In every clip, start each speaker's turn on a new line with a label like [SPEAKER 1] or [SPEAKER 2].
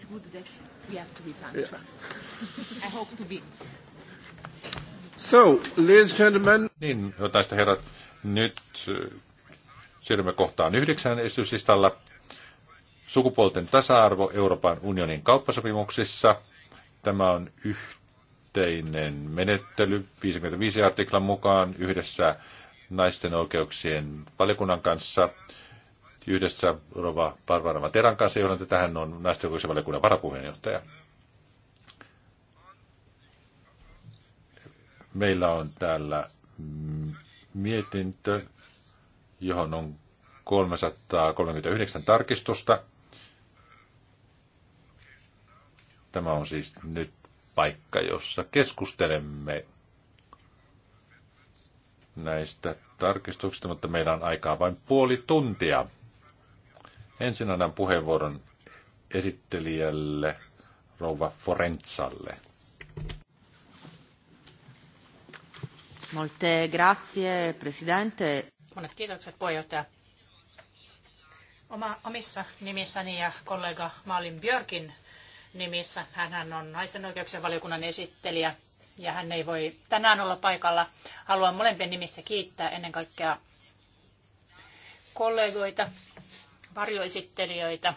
[SPEAKER 1] it's good that we have to be punctual. Yeah. I hope to be.
[SPEAKER 2] So, ladies and gentlemen. Niin, hyvät herrat, nyt äh, siirrymme kohtaan yhdeksän esityslistalla. Sukupuolten tasa-arvo Euroopan unionin kauppasopimuksissa. Tämä on yhteinen menettely 55 artiklan mukaan yhdessä naisten oikeuksien valiokunnan kanssa yhdessä Rova Barbara Materan kanssa, jolloin tähän on naisten valiokunnan varapuheenjohtaja. Meillä on täällä mietintö, johon on 339 tarkistusta. Tämä on siis nyt paikka, jossa keskustelemme näistä tarkistuksista, mutta meillä on aikaa vain puoli tuntia Ensin annan puheenvuoron esittelijälle rouva Forenzalle.
[SPEAKER 3] Molte grazie, presidente.
[SPEAKER 1] Monet kiitokset, puheenjohtaja. Oma, omissa nimissäni ja kollega Malin Björkin nimissä. Hän on naisen oikeuksien valiokunnan esittelijä ja hän ei voi tänään olla paikalla. Haluan molempien nimissä kiittää ennen kaikkea kollegoita varjoesittelijöitä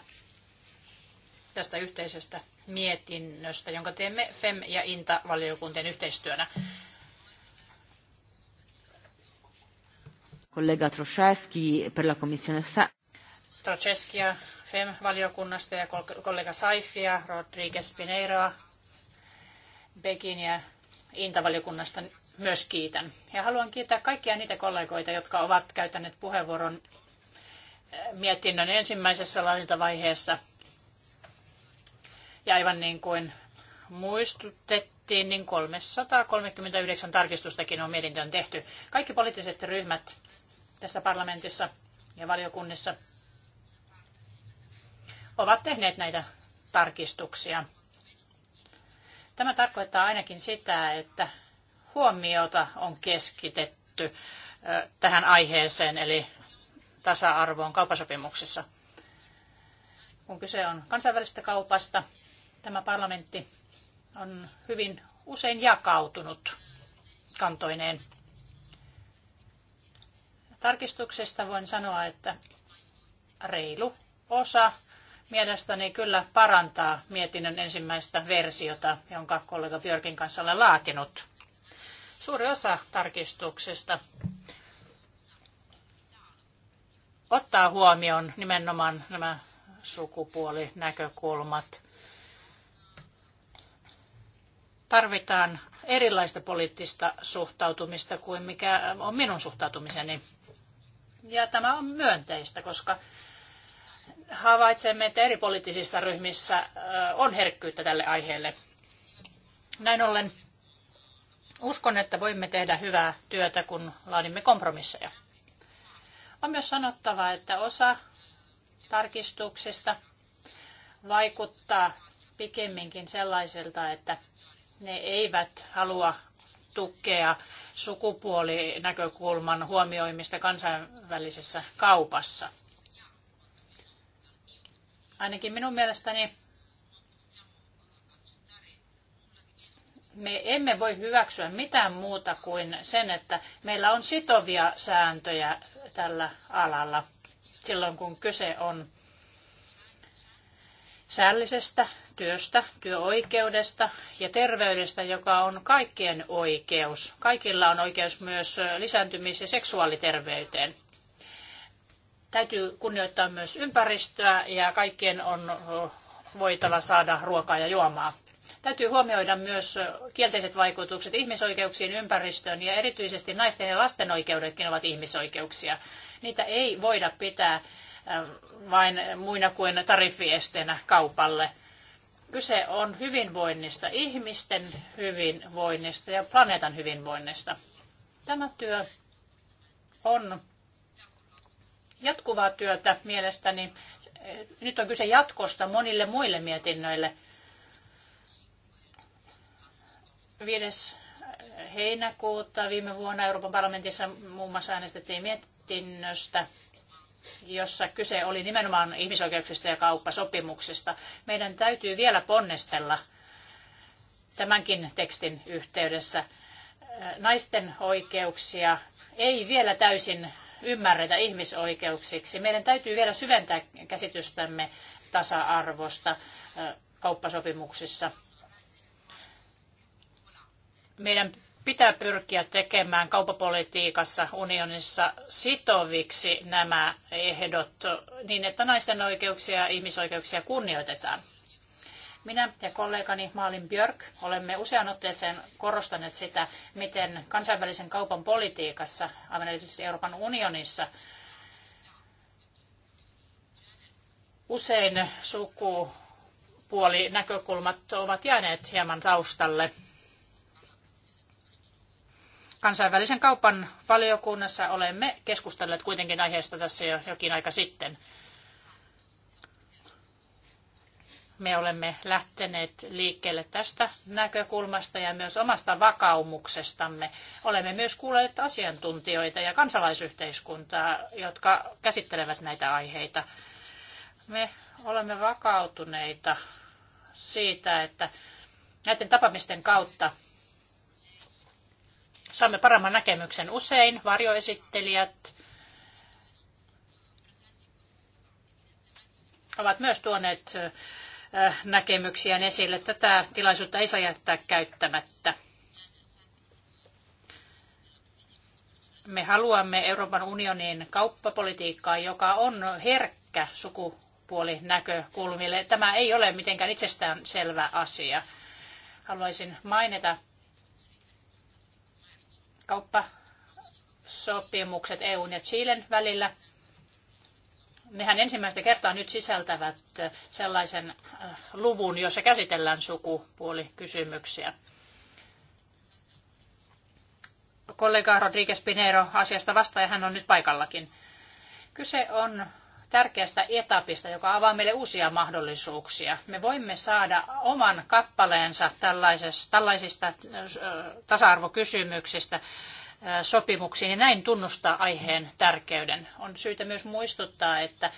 [SPEAKER 1] tästä yhteisestä mietinnöstä, jonka teemme FEM- ja INTA-valiokuntien yhteistyönä.
[SPEAKER 3] Kollega Troszewski per la Commissione e
[SPEAKER 1] Troceskia FEM-valiokunnasta ja kollega Saifia, Rodriguez Pineiroa, Begin ja inta valiokunnasta myös kiitän. Ja haluan kiittää kaikkia niitä kollegoita, jotka ovat käyttäneet puheenvuoron mietinnön ensimmäisessä laadintavaiheessa. Ja aivan niin kuin muistutettiin, niin 339 tarkistustakin on mietintöön tehty. Kaikki poliittiset ryhmät tässä parlamentissa ja valiokunnissa ovat tehneet näitä tarkistuksia. Tämä tarkoittaa ainakin sitä, että huomiota on keskitetty tähän aiheeseen, eli tasa-arvoon kaupasopimuksessa. Kun kyse on kansainvälisestä kaupasta, tämä parlamentti on hyvin usein jakautunut kantoineen. Tarkistuksesta voin sanoa, että reilu osa mielestäni kyllä parantaa mietinnön ensimmäistä versiota, jonka kollega Björkin kanssa olen laatinut. Suuri osa tarkistuksesta ottaa huomioon nimenomaan nämä sukupuolinäkökulmat. Tarvitaan erilaista poliittista suhtautumista kuin mikä on minun suhtautumiseni. Ja tämä on myönteistä, koska havaitsemme, että eri poliittisissa ryhmissä on herkkyyttä tälle aiheelle. Näin ollen uskon, että voimme tehdä hyvää työtä, kun laadimme kompromisseja. On myös sanottava, että osa tarkistuksista vaikuttaa pikemminkin sellaiselta, että ne eivät halua tukea sukupuolinäkökulman huomioimista kansainvälisessä kaupassa. Ainakin minun mielestäni me emme voi hyväksyä mitään muuta kuin sen, että meillä on sitovia sääntöjä tällä alalla silloin, kun kyse on säällisestä työstä, työoikeudesta ja terveydestä, joka on kaikkien oikeus. Kaikilla on oikeus myös lisääntymis- ja seksuaaliterveyteen. Täytyy kunnioittaa myös ympäristöä ja kaikkien on voitava saada ruokaa ja juomaa. Täytyy huomioida myös kielteiset vaikutukset ihmisoikeuksiin, ympäristöön ja erityisesti naisten ja lasten oikeudetkin ovat ihmisoikeuksia. Niitä ei voida pitää ähm, vain muina kuin tariffiesteenä kaupalle. Kyse on hyvinvoinnista, ihmisten hyvinvoinnista ja planeetan hyvinvoinnista. Tämä työ on jatkuvaa työtä mielestäni. Nyt on kyse jatkosta monille muille mietinnöille – 5. heinäkuuta viime vuonna Euroopan parlamentissa muun muassa äänestettiin mietinnöstä, jossa kyse oli nimenomaan ihmisoikeuksista ja kauppasopimuksista. Meidän täytyy vielä ponnistella tämänkin tekstin yhteydessä. Naisten oikeuksia ei vielä täysin ymmärretä ihmisoikeuksiksi. Meidän täytyy vielä syventää käsitystämme tasa-arvosta kauppasopimuksissa. Meidän pitää pyrkiä tekemään kaupapolitiikassa unionissa sitoviksi nämä ehdot niin, että naisten oikeuksia ja ihmisoikeuksia kunnioitetaan. Minä ja kollegani Maalin Björk olemme usean otteeseen korostaneet sitä, miten kansainvälisen kaupan politiikassa, aivan erityisesti Euroopan unionissa, usein sukupuolinäkökulmat ovat jääneet hieman taustalle – kansainvälisen kaupan valiokunnassa olemme keskustelleet kuitenkin aiheesta tässä jo jokin aika sitten. Me olemme lähteneet liikkeelle tästä näkökulmasta ja myös omasta vakaumuksestamme. Olemme myös kuulleet asiantuntijoita ja kansalaisyhteiskuntaa, jotka käsittelevät näitä aiheita. Me olemme vakautuneita siitä, että näiden tapaamisten kautta saamme paremman näkemyksen. Usein varjoesittelijät ovat myös tuoneet näkemyksiään esille. Tätä tilaisuutta ei saa jättää käyttämättä. Me haluamme Euroopan unionin kauppapolitiikkaa, joka on herkkä sukupuolinäkökulmille. Tämä ei ole mitenkään itsestään selvä asia. Haluaisin mainita kauppasopimukset EUn ja Chilen välillä, nehän ensimmäistä kertaa nyt sisältävät sellaisen äh, luvun, jossa käsitellään sukupuolikysymyksiä. Kollega Rodriguez Pinero asiasta vastaa ja hän on nyt paikallakin. Kyse on tärkeästä etapista, joka avaa meille uusia mahdollisuuksia. Me voimme saada oman kappaleensa tällaisista tasa-arvokysymyksistä sopimuksiin ja näin tunnustaa aiheen tärkeyden. On syytä myös muistuttaa, että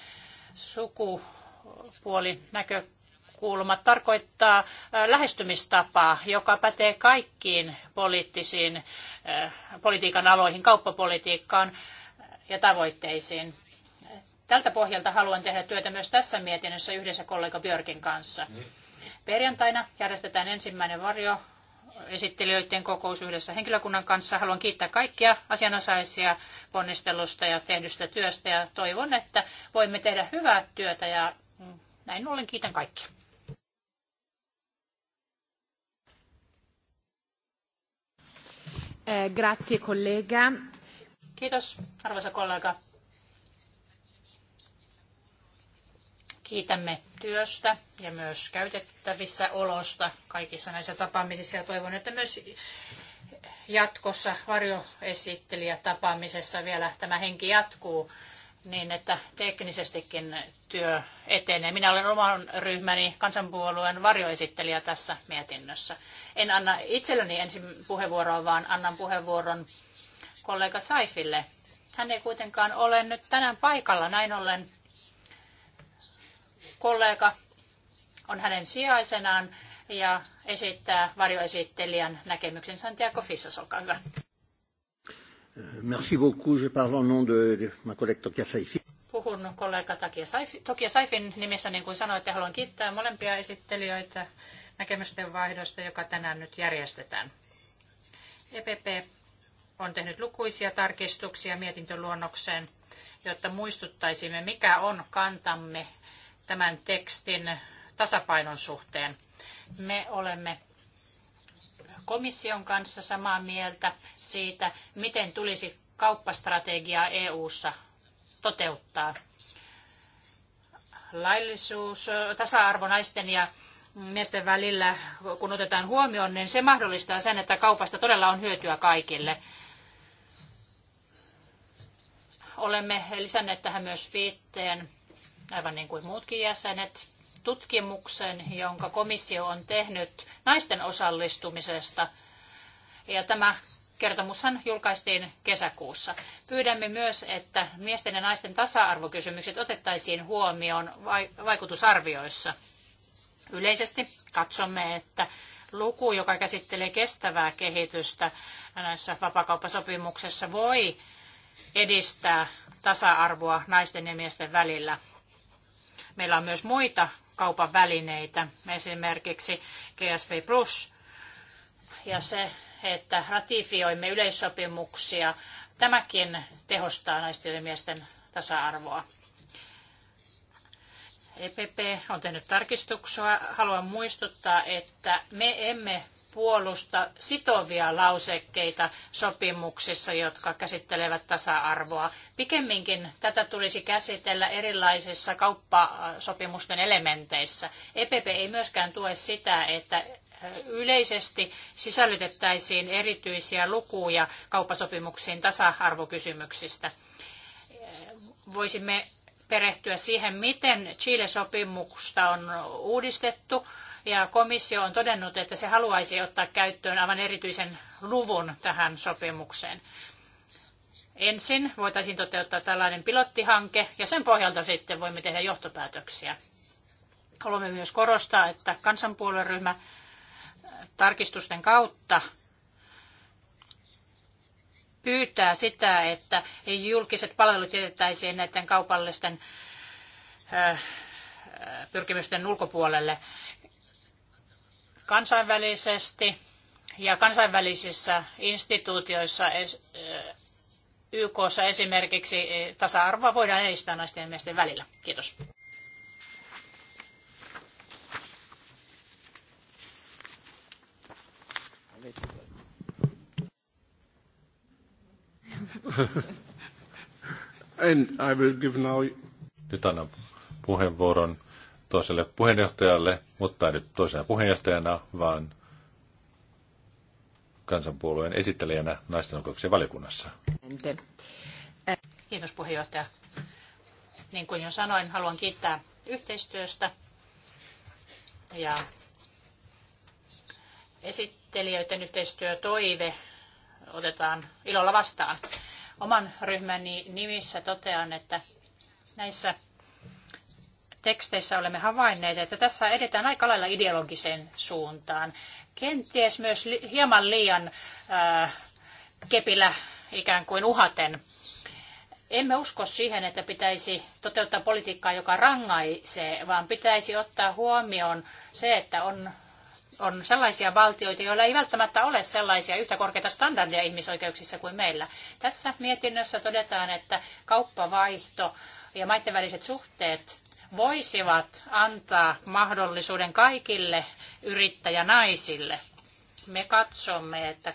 [SPEAKER 1] sukupuolinäkökulma tarkoittaa lähestymistapaa, joka pätee kaikkiin poliittisiin politiikan aloihin, kauppapolitiikkaan ja tavoitteisiin. Tältä pohjalta haluan tehdä työtä myös tässä mietinnössä yhdessä kollega Björkin kanssa. Mm. Perjantaina järjestetään ensimmäinen varjo esittelijöiden kokous yhdessä henkilökunnan kanssa. Haluan kiittää kaikkia asianosaisia ponnistelusta ja tehdystä työstä ja toivon, että voimme tehdä hyvää työtä ja näin ollen kiitän kaikkia. Eh, grazie collega. Kiitos arvoisa kollega. Kiitämme työstä ja myös käytettävissä olosta kaikissa näissä tapaamisissa ja toivon, että myös jatkossa varjoesittelijä tapaamisessa vielä tämä henki jatkuu niin, että teknisestikin työ etenee. Minä olen oman ryhmäni kansanpuolueen varjoesittelijä tässä mietinnössä. En anna itselleni ensin puheenvuoroa, vaan annan puheenvuoron kollega Saifille. Hän ei kuitenkaan ole nyt tänään paikalla, näin ollen kollega on hänen sijaisenaan ja esittää varjoesittelijän näkemyksen Santiago Fissas, olkaa hyvä.
[SPEAKER 2] Merci beaucoup. Je parle au nom de, de ma collègue Tokia Saifi.
[SPEAKER 1] Puhun kollega Tokia Saifin nimissä, niin kuin sanoitte, haluan kiittää molempia esittelijöitä näkemysten vaihdosta, joka tänään nyt järjestetään. EPP on tehnyt lukuisia tarkistuksia mietintöluonnokseen, jotta muistuttaisimme, mikä on kantamme tämän tekstin tasapainon suhteen. Me olemme komission kanssa samaa mieltä siitä, miten tulisi kauppastrategiaa EU:ssa toteuttaa. Laillisuus, tasa-arvo naisten ja miesten välillä, kun otetaan huomioon, niin se mahdollistaa sen, että kaupasta todella on hyötyä kaikille. Olemme lisänneet tähän myös viitteen aivan niin kuin muutkin jäsenet, tutkimuksen, jonka komissio on tehnyt naisten osallistumisesta. Ja tämä kertomushan julkaistiin kesäkuussa. Pyydämme myös, että miesten ja naisten tasa-arvokysymykset otettaisiin huomioon vaikutusarvioissa. Yleisesti katsomme, että luku, joka käsittelee kestävää kehitystä näissä vapakauppasopimuksessa, voi edistää tasa-arvoa naisten ja miesten välillä. Meillä on myös muita kaupan välineitä, esimerkiksi GSP Plus ja se, että ratifioimme yleissopimuksia. Tämäkin tehostaa naisten ja miesten tasa-arvoa. EPP on tehnyt tarkistuksia. Haluan muistuttaa, että me emme puolusta sitovia lausekkeita sopimuksissa, jotka käsittelevät tasa-arvoa. Pikemminkin tätä tulisi käsitellä erilaisissa kauppasopimusten elementeissä. EPP ei myöskään tue sitä, että yleisesti sisällytettäisiin erityisiä lukuja kauppasopimuksiin tasa-arvokysymyksistä. Voisimme perehtyä siihen, miten Chile-sopimusta on uudistettu ja komissio on todennut, että se haluaisi ottaa käyttöön aivan erityisen luvun tähän sopimukseen. Ensin voitaisiin toteuttaa tällainen pilottihanke ja sen pohjalta sitten voimme tehdä johtopäätöksiä. Haluamme myös korostaa, että kansanpuolueryhmä tarkistusten kautta pyytää sitä, että julkiset palvelut jätettäisiin näiden kaupallisten pyrkimysten ulkopuolelle kansainvälisesti ja kansainvälisissä instituutioissa, YKssa esimerkiksi, e, tasa-arvoa voidaan edistää naisten ja miesten välillä. Kiitos.
[SPEAKER 3] And I will give now...
[SPEAKER 2] Nyt annan puheenvuoron toiselle puheenjohtajalle, mutta ei nyt toisena puheenjohtajana, vaan kansanpuolueen esittelijänä naisten oikeuksien valiokunnassa.
[SPEAKER 1] Kiitos puheenjohtaja. Niin kuin jo sanoin, haluan kiittää yhteistyöstä ja esittelijöiden yhteistyötoive otetaan ilolla vastaan. Oman ryhmäni nimissä totean, että näissä teksteissä olemme havainneet, että tässä edetään aika lailla ideologiseen suuntaan. Kenties myös hieman liian ää, äh, kepillä ikään kuin uhaten. Emme usko siihen, että pitäisi toteuttaa politiikkaa, joka rangaisee, vaan pitäisi ottaa huomioon se, että on on sellaisia valtioita, joilla ei välttämättä ole sellaisia yhtä korkeita standardeja ihmisoikeuksissa kuin meillä. Tässä mietinnössä todetaan, että kauppavaihto ja maiden väliset suhteet voisivat antaa mahdollisuuden kaikille yrittäjänaisille. Me katsomme, että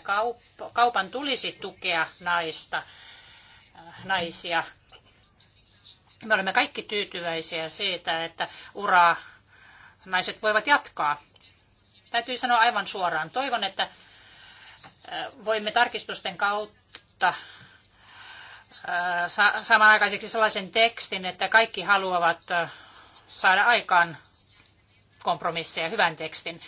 [SPEAKER 1] kaupan tulisi tukea naista, äh, naisia. Me olemme kaikki tyytyväisiä siitä, että uraa naiset voivat jatkaa. Täytyy sanoa aivan suoraan. Toivon, että äh, voimme tarkistusten kautta äh, samanaikaiseksi sellaisen tekstin, että kaikki haluavat saada aikaan kompromisseja, hyvän tekstin.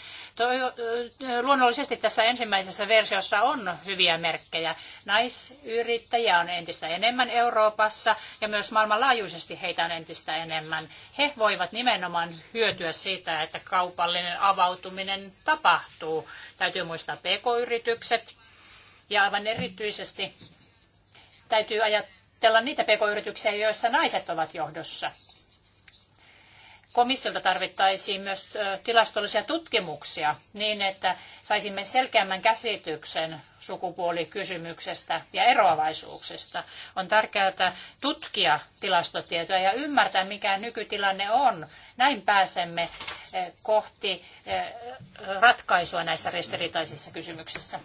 [SPEAKER 1] luonnollisesti tässä ensimmäisessä versiossa on hyviä merkkejä. Naisyrittäjiä on entistä enemmän Euroopassa ja myös maailmanlaajuisesti heitä on entistä enemmän. He voivat nimenomaan hyötyä siitä, että kaupallinen avautuminen tapahtuu. Täytyy muistaa pk-yritykset ja aivan erityisesti täytyy ajatella niitä pk-yrityksiä, joissa naiset ovat johdossa komissiolta tarvittaisiin myös tilastollisia tutkimuksia niin, että saisimme selkeämmän käsityksen sukupuolikysymyksestä ja eroavaisuuksista. On tärkeää tutkia tilastotietoja ja ymmärtää, mikä nykytilanne on. Näin pääsemme kohti ratkaisua näissä ristiriitaisissa kysymyksissä.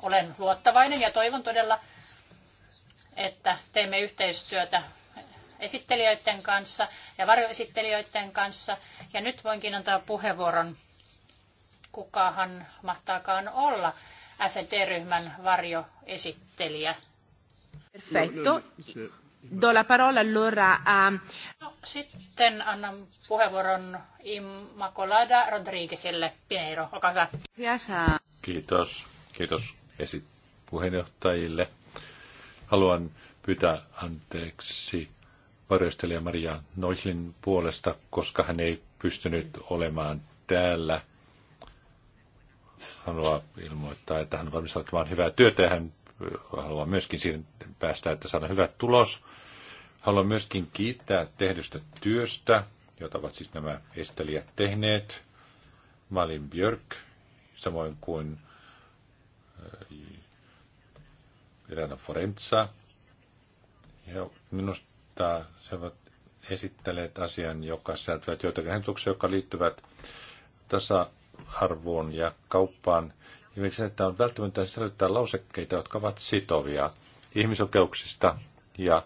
[SPEAKER 1] Olen luottavainen ja toivon todella, että teemme yhteistyötä esittelijöiden kanssa ja varjoesittelijöiden kanssa. Ja nyt voinkin antaa puheenvuoron, kukahan mahtaakaan olla SED-ryhmän varjoesittelijä. Perfetto. No,
[SPEAKER 3] no, no, Do la parola allora a...
[SPEAKER 1] No, sitten annan puheenvuoron Immacolada Rodriguezille. Pineiro, olkaa hyvä.
[SPEAKER 2] Kiitos. Kiitos esit- Haluan pyytää anteeksi varjostelija Maria Noihlin puolesta, koska hän ei pystynyt olemaan täällä. Haluaa ilmoittaa, että hän valmistautuu hyvää työtä ja hän haluaa myöskin siihen päästä, että saada hyvä tulos. Haluan myöskin kiittää tehdystä työstä, jota ovat siis nämä estelijät tehneet. Malin Björk, samoin kuin Irena Forenza. Ja minusta mutta se ovat esittäneet asian, joka säätyvät joitakin ehdotuksia, jotka liittyvät tasa-arvoon ja kauppaan. Ja miksi että on välttämättä sisällyttää lausekkeita, jotka ovat sitovia ihmisoikeuksista ja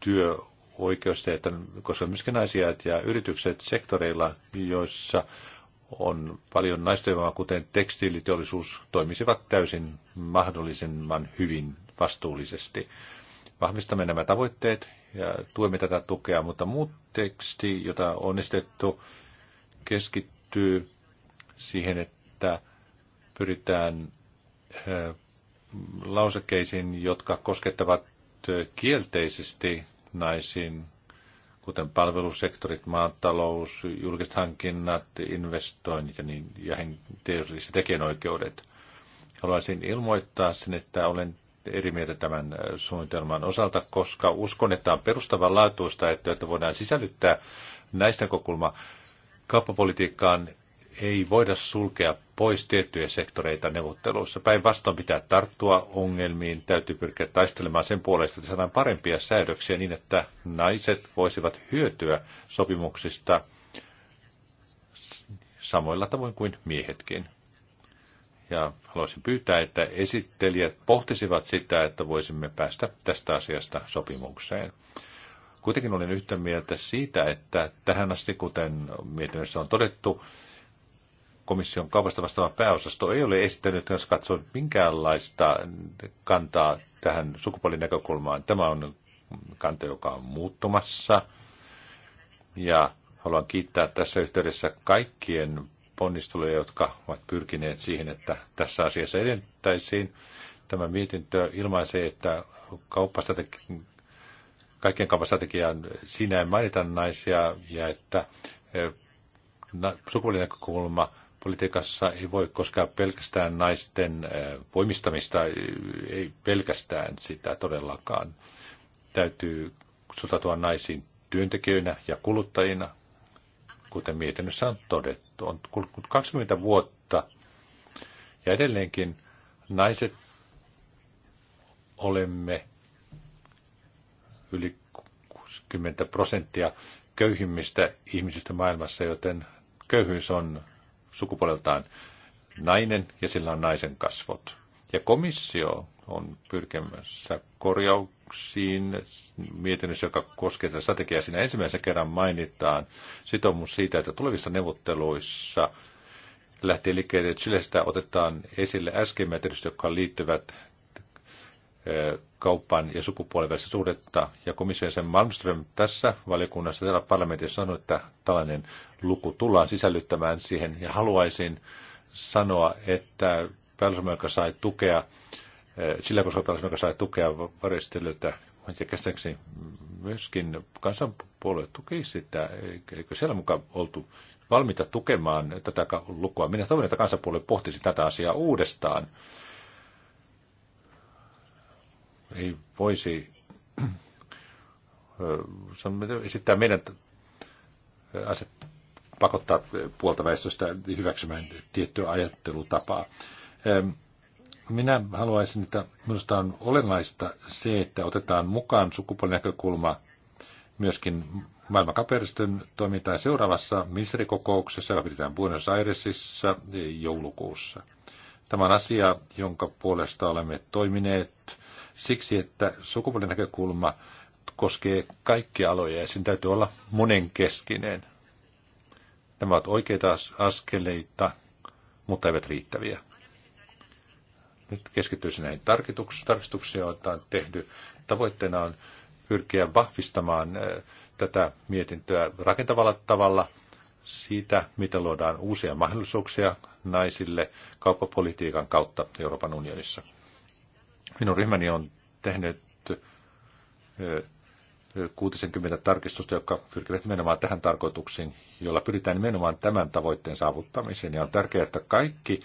[SPEAKER 2] työoikeusta, että, koska myöskin naisia ja yritykset sektoreilla, joissa on paljon naistyövoimaa, kuten tekstiiliteollisuus, toimisivat täysin mahdollisimman hyvin vastuullisesti. Vahvistamme nämä tavoitteet ja tuemme tätä tukea, mutta muut teksti, jota on esitetty, keskittyy siihen, että pyritään äh, lausekkeisiin, jotka koskettavat äh, kielteisesti naisiin, kuten palvelusektorit, maatalous, julkiset hankinnat, investoinnit ja, niin, ja teolliset tekijänoikeudet. Haluaisin ilmoittaa sen, että olen eri mieltä tämän äh, suunnitelman osalta, koska uskon, että on perustavanlaatuista, että, että voidaan sisällyttää näistä kokulma kauppapolitiikkaan ei voida sulkea pois tiettyjä sektoreita neuvotteluissa. Päinvastoin pitää tarttua ongelmiin, täytyy pyrkiä taistelemaan sen puolesta, että saadaan parempia säädöksiä niin, että naiset voisivat hyötyä sopimuksista samoilla tavoin kuin miehetkin ja haluaisin pyytää, että esittelijät pohtisivat sitä, että voisimme päästä tästä asiasta sopimukseen. Kuitenkin olen yhtä mieltä siitä, että tähän asti, kuten mietinnössä on todettu, komission kaupasta vastaava pääosasto ei ole esittänyt, jos katsoo minkäänlaista kantaa tähän sukupuolinäkökulmaan. Tämä on kanta, joka on muuttumassa. Ja haluan kiittää tässä yhteydessä kaikkien ponnisteluja, jotka ovat pyrkineet siihen, että tässä asiassa edettäisiin. Tämä mietintö ilmaisee, että kaikkien kauppastrategian siinä ei mainita naisia ja että e, sukupuolinäkökulma politiikassa ei voi koskaan pelkästään naisten e, voimistamista, e, ei pelkästään sitä todellakaan. Täytyy sotatua naisiin työntekijöinä ja kuluttajina, kuten mietinnössä on todettu on 20 vuotta ja edelleenkin naiset olemme yli 60 prosenttia köyhimmistä ihmisistä maailmassa, joten köyhyys on sukupuoleltaan nainen ja sillä on naisen kasvot. Ja komissio on pyrkimässä korjauksiin mietinnössä, joka koskee tätä strategiaa. Siinä ensimmäisen kerran mainitaan sitoumus siitä, että tulevissa neuvotteluissa lähtee liikkeelle, että Chilestä otetaan esille äsken jotka liittyvät kaupan ja sukupuolen välistä suhdetta. Ja komission sen Malmström tässä valiokunnassa täällä parlamentissa sanoi, että tällainen luku tullaan sisällyttämään siihen. Ja haluaisin sanoa, että päätösmä, joka sai tukea Eh, sillä koska pelasin, joka sai tukea varjostelyltä, ja käsittääkseni myöskin kansanpuolue tuki sitä, eikö siellä mukaan oltu valmiita tukemaan tätä lukua. Minä toivon, että kansanpuolue pohtisi tätä asiaa uudestaan. Ei voisi esittää meidän aset, pakottaa puolta väestöstä hyväksymään tiettyä ajattelutapaa. Minä haluaisin, että minusta on olennaista se, että otetaan mukaan sukupuolinäkökulma myöskin maailmankaperistön toimintaan seuraavassa ministerikokouksessa, joka pidetään Buenos Airesissa joulukuussa. Tämä on asia, jonka puolesta olemme toimineet siksi, että sukupuolinäkökulma koskee kaikkia aloja ja sen täytyy olla monenkeskinen. Nämä ovat oikeita askeleita, mutta eivät riittäviä. Nyt keskittyisi näihin tarkistuksiin, joita on tehty. Tavoitteena on pyrkiä vahvistamaan tätä mietintöä rakentavalla tavalla siitä, miten luodaan uusia mahdollisuuksia naisille kauppapolitiikan kautta Euroopan unionissa. Minun ryhmäni on tehnyt 60 tarkistusta, jotka pyrkivät nimenomaan tähän tarkoituksiin, jolla pyritään nimenomaan tämän tavoitteen saavuttamiseen. Ja on tärkeää, että kaikki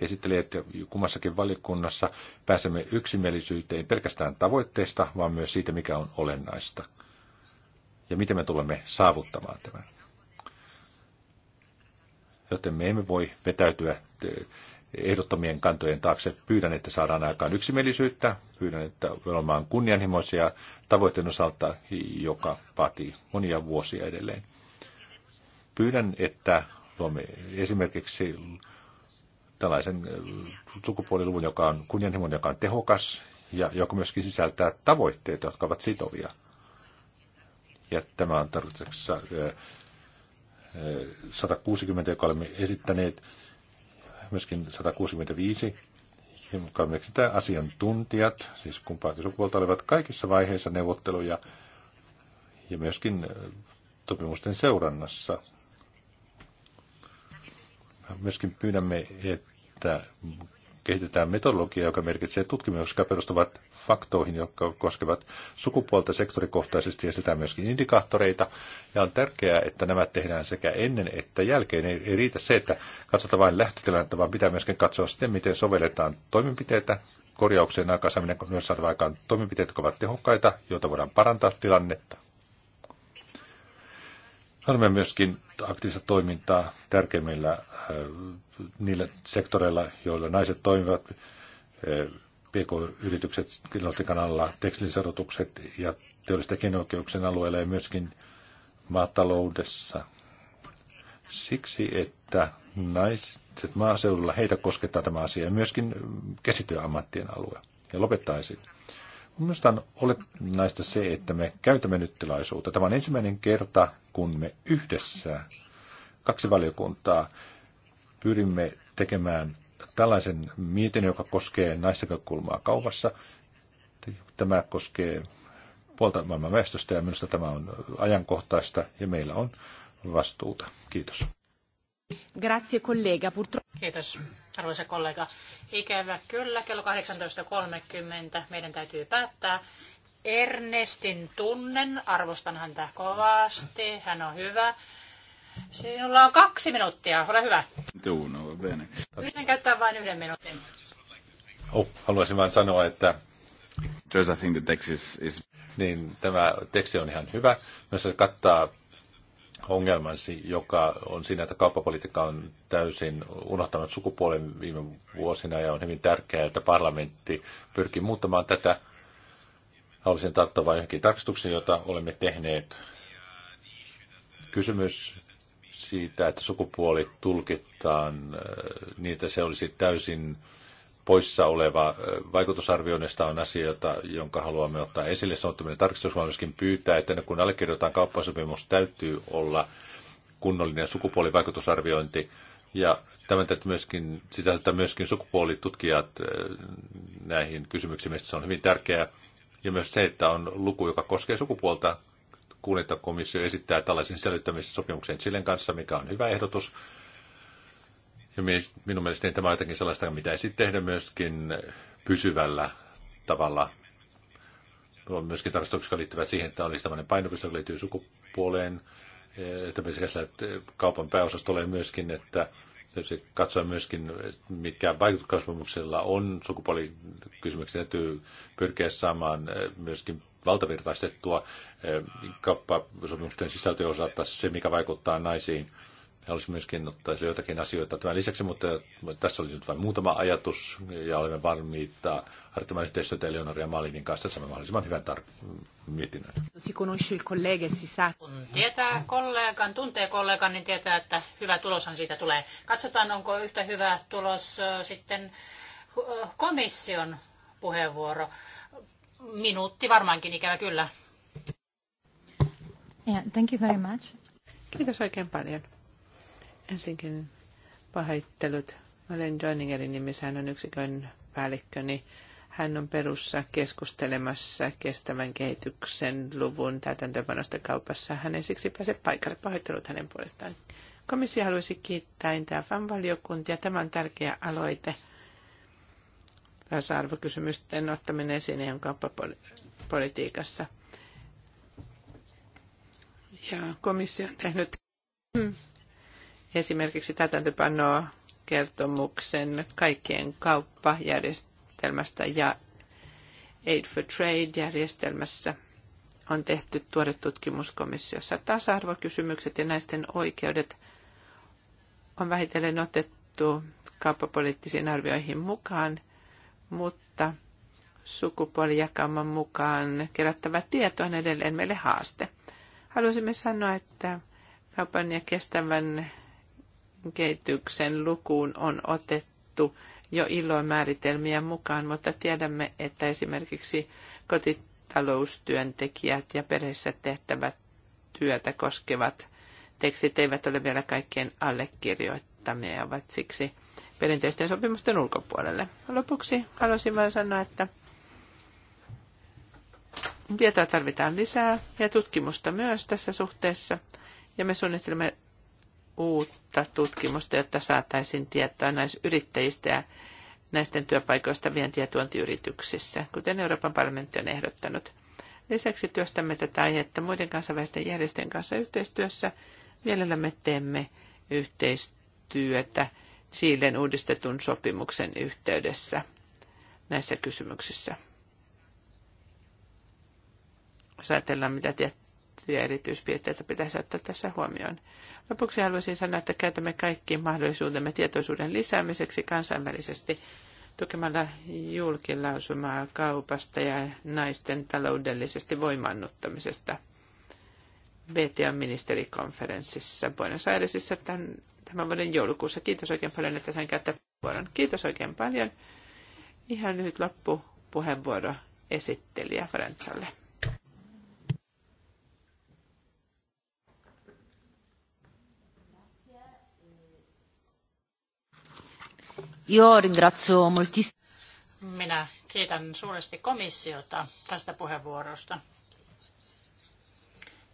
[SPEAKER 2] esittelijät kummassakin valiokunnassa pääsemme yksimielisyyteen pelkästään tavoitteista, vaan myös siitä, mikä on olennaista ja miten me tulemme saavuttamaan tämän. Joten me emme voi vetäytyä eh, ehdottomien kantojen taakse. Pyydän, että saadaan aikaan yksimielisyyttä. Pyydän, että olemaan kunnianhimoisia tavoitteen osalta, joka vaatii monia vuosia edelleen. Pyydän, että luomme esimerkiksi tällaisen äh, sukupuoliluvun, joka on kunnianhimon, joka on tehokas ja joka myöskin sisältää tavoitteita, jotka ovat sitovia. Ja tämä on tarkoituksessa 160, äh, äh, joka olemme esittäneet, myöskin 165, jonka tämä asiantuntijat, siis kumpaakin sukupuolta olivat kaikissa vaiheissa neuvotteluja ja myöskin sopimusten seurannassa Myöskin pyydämme, että kehitetään metodologia, joka merkitsee tutkimuksia, jotka perustuvat faktoihin, jotka koskevat sukupuolta sektorikohtaisesti ja sitä myöskin indikaattoreita. Ja on tärkeää, että nämä tehdään sekä ennen että jälkeen. Ei, ei riitä se, että katsotaan vain lähtötilannetta, vaan pitää myöskin katsoa sitten, miten sovelletaan toimenpiteitä. Korjaukseen aikaisemmin, on myös saatava aikaan toimenpiteet, jotka ovat tehokkaita, joita voidaan parantaa tilannetta Olemme myöskin aktiivista toimintaa tärkeimmillä äh, niillä sektoreilla, joilla naiset toimivat, äh, pk-yritykset Kilotikan alla, tekstilisarotukset ja teollisten oikeuksien alueella ja myöskin maataloudessa. Siksi, että naiset maaseudulla, heitä koskettaa tämä asia ja myöskin käsityöammattien alue. Ja lopettaisin Minusta on olennaista se, että me käytämme nyt tilaisuutta. Tämä on ensimmäinen kerta, kun me yhdessä, kaksi valiokuntaa, pyrimme tekemään tällaisen mietinnön, joka koskee naisnäkökulmaa kaupassa. Tämä koskee puolta maailman väestöstä ja minusta tämä on ajankohtaista ja meillä on vastuuta. Kiitos.
[SPEAKER 1] Grazie Kiitos arvoisa kollega. Ikävä kyllä, kello 18.30 meidän täytyy päättää. Ernestin tunnen, arvostan häntä kovasti, hän on hyvä. Sinulla on kaksi minuuttia, ole hyvä.
[SPEAKER 2] Tuuno, bene.
[SPEAKER 1] Yritän käyttää vain yhden minuutin.
[SPEAKER 2] Oh, haluaisin vain sanoa, että I think the text is, is... Niin, tämä teksti on ihan hyvä. Myös se kattaa ongelmansi, joka on siinä, että kauppapolitiikka on täysin unohtanut sukupuolen viime vuosina ja on hyvin tärkeää, että parlamentti pyrkii muuttamaan tätä. Haluaisin tarttua vain johonkin tarkistuksiin, jota olemme tehneet. Kysymys siitä, että sukupuoli tulkitaan äh, niin, että se olisi täysin poissa oleva vaikutusarvioinnista on asia, jota, jonka haluamme ottaa esille. Se on tämmöinen tarkistusvalmius myöskin pyytää, että kun allekirjoitetaan kauppasopimus, täytyy olla kunnollinen sukupuolivaikutusarviointi. Ja tämän täytyy myöskin, sisältää myöskin sukupuolitutkijat näihin kysymyksiin, mistä se on hyvin tärkeää. Ja myös se, että on luku, joka koskee sukupuolta. Kuulintakomissio esittää tällaisen sisällyttämisen sopimuksen Chilen kanssa, mikä on hyvä ehdotus. Ja minun mielestäni tämä on jotakin sellaista, mitä ei sitten tehdä myöskin pysyvällä tavalla. On myöskin tarkastuksia, jotka liittyvät siihen, että olisi tämmöinen painopiste, joka liittyy sukupuoleen, että kaupan tulee myöskin, että katsoa myöskin, mitkä vaikutuskasvamuksella on sukupuolikysymyksiä. Täytyy pyrkiä saamaan eh, myöskin valtavirtaistettua eh, kauppasopimusten sisältöjen osalta se, mikä vaikuttaa naisiin – Haluaisin myöskin ottaa joitakin asioita tämän lisäksi, mutta tässä oli nyt vain muutama ajatus ja olemme valmiita harjoittamaan yhteistyötä Eleonoria Malinin kanssa. Saamme mahdollisimman hyvän tar- mietinnön.
[SPEAKER 1] E Kun tietää kollegan, tuntee kollegan, niin tietää, että hyvä tuloshan siitä tulee. Katsotaan, onko yhtä hyvä tulos sitten komission puheenvuoro. Minuutti varmaankin, ikävä kyllä.
[SPEAKER 3] Yeah, thank you very much. Kiitos oikein paljon. Ensinkin pahoittelut. Olen Döningerin nimissä, hän on yksikön päällikköni. Niin hän on perussa keskustelemassa kestävän kehityksen luvun täytäntöpanosta kaupassa. Hän ei siksi pääse paikalle. Pahoittelut hänen puolestaan. Komissio haluaisi kiittää Intäfän-valiokuntia. Tämä on tärkeä aloite. Tasa-arvokysymysten ottaminen esiin EUn kauppapolitiikassa. Ja komissio on tehnyt esimerkiksi täytäntöpanoa kertomuksen kaikkien kauppajärjestelmästä ja Aid for Trade-järjestelmässä on tehty tuore tutkimuskomissiossa. Tasa-arvokysymykset ja naisten oikeudet on vähitellen otettu kauppapoliittisiin arvioihin mukaan, mutta sukupuolijakauman mukaan kerättävä tieto on edelleen meille haaste. Haluaisimme sanoa, että kaupan ja kestävän kehityksen lukuun on otettu jo ilon määritelmien mukaan, mutta tiedämme, että esimerkiksi kotitaloustyöntekijät ja perheessä tehtävät työtä koskevat tekstit eivät ole vielä kaikkien allekirjoittamia ja ovat siksi perinteisten sopimusten ulkopuolelle. Lopuksi haluaisin vain sanoa, että tietoa tarvitaan lisää ja tutkimusta myös tässä suhteessa, ja me suunnittelemme uutta tutkimusta, jotta saataisiin tietoa yrittäjistä ja näisten työpaikoista vienti- ja tuontiyrityksissä, kuten Euroopan parlamentti on ehdottanut. Lisäksi työstämme tätä aihetta muiden kansainvälisten järjestöjen kanssa yhteistyössä. Mielellämme teemme yhteistyötä Chilen uudistetun sopimuksen yhteydessä näissä kysymyksissä. Jos ajatellaan, mitä tiettyjä erityispiirteitä pitäisi ottaa tässä huomioon. Lopuksi haluaisin sanoa, että käytämme kaikki mahdollisuutemme tietoisuuden lisäämiseksi kansainvälisesti tukemalla julkilausumaa kaupasta ja naisten taloudellisesti voimannuttamisesta vta ministerikonferenssissa Buenos Airesissa tämän, tämän vuoden joulukuussa. Kiitos oikein paljon, että sain käyttää puheenvuoron. Kiitos oikein paljon. Ihan lyhyt loppupuheenvuoro esittelijä Frantsalle.
[SPEAKER 1] Joo, ringrazio moltissimo. Minä kiitän suuresti komissiota tästä puheenvuorosta.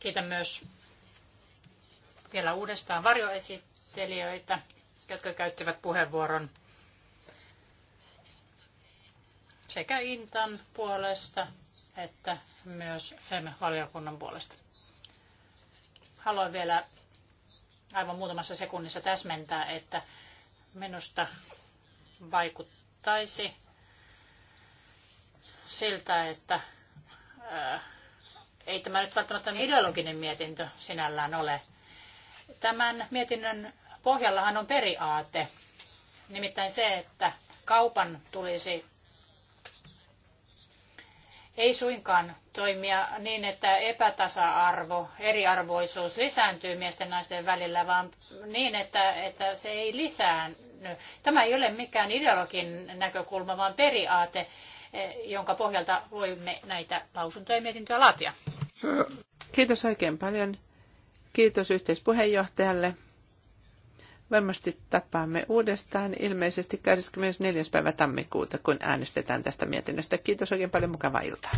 [SPEAKER 1] Kiitän myös vielä uudestaan varjoesittelijöitä, jotka käyttivät puheenvuoron sekä Intan puolesta että myös FEM-valiokunnan puolesta. Haluan vielä aivan muutamassa sekunnissa täsmentää, että minusta vaikuttaisi siltä, että ää, ei tämä nyt välttämättä niin ideologinen mietintö sinällään ole. Tämän mietinnön pohjallahan on periaate, nimittäin se, että kaupan tulisi ei suinkaan toimia niin, että epätasa-arvo, eriarvoisuus lisääntyy miesten ja naisten välillä, vaan niin, että, että se ei lisään, Tämä ei ole mikään ideologin näkökulma, vaan periaate, eh, jonka pohjalta voimme näitä lausuntoja ja mietintöä laatia.
[SPEAKER 3] Kiitos oikein paljon. Kiitos yhteispuheenjohtajalle. Varmasti tapaamme uudestaan ilmeisesti 24. päivä tammikuuta, kun äänestetään tästä mietinnöstä. Kiitos oikein paljon, mukavaa iltaa.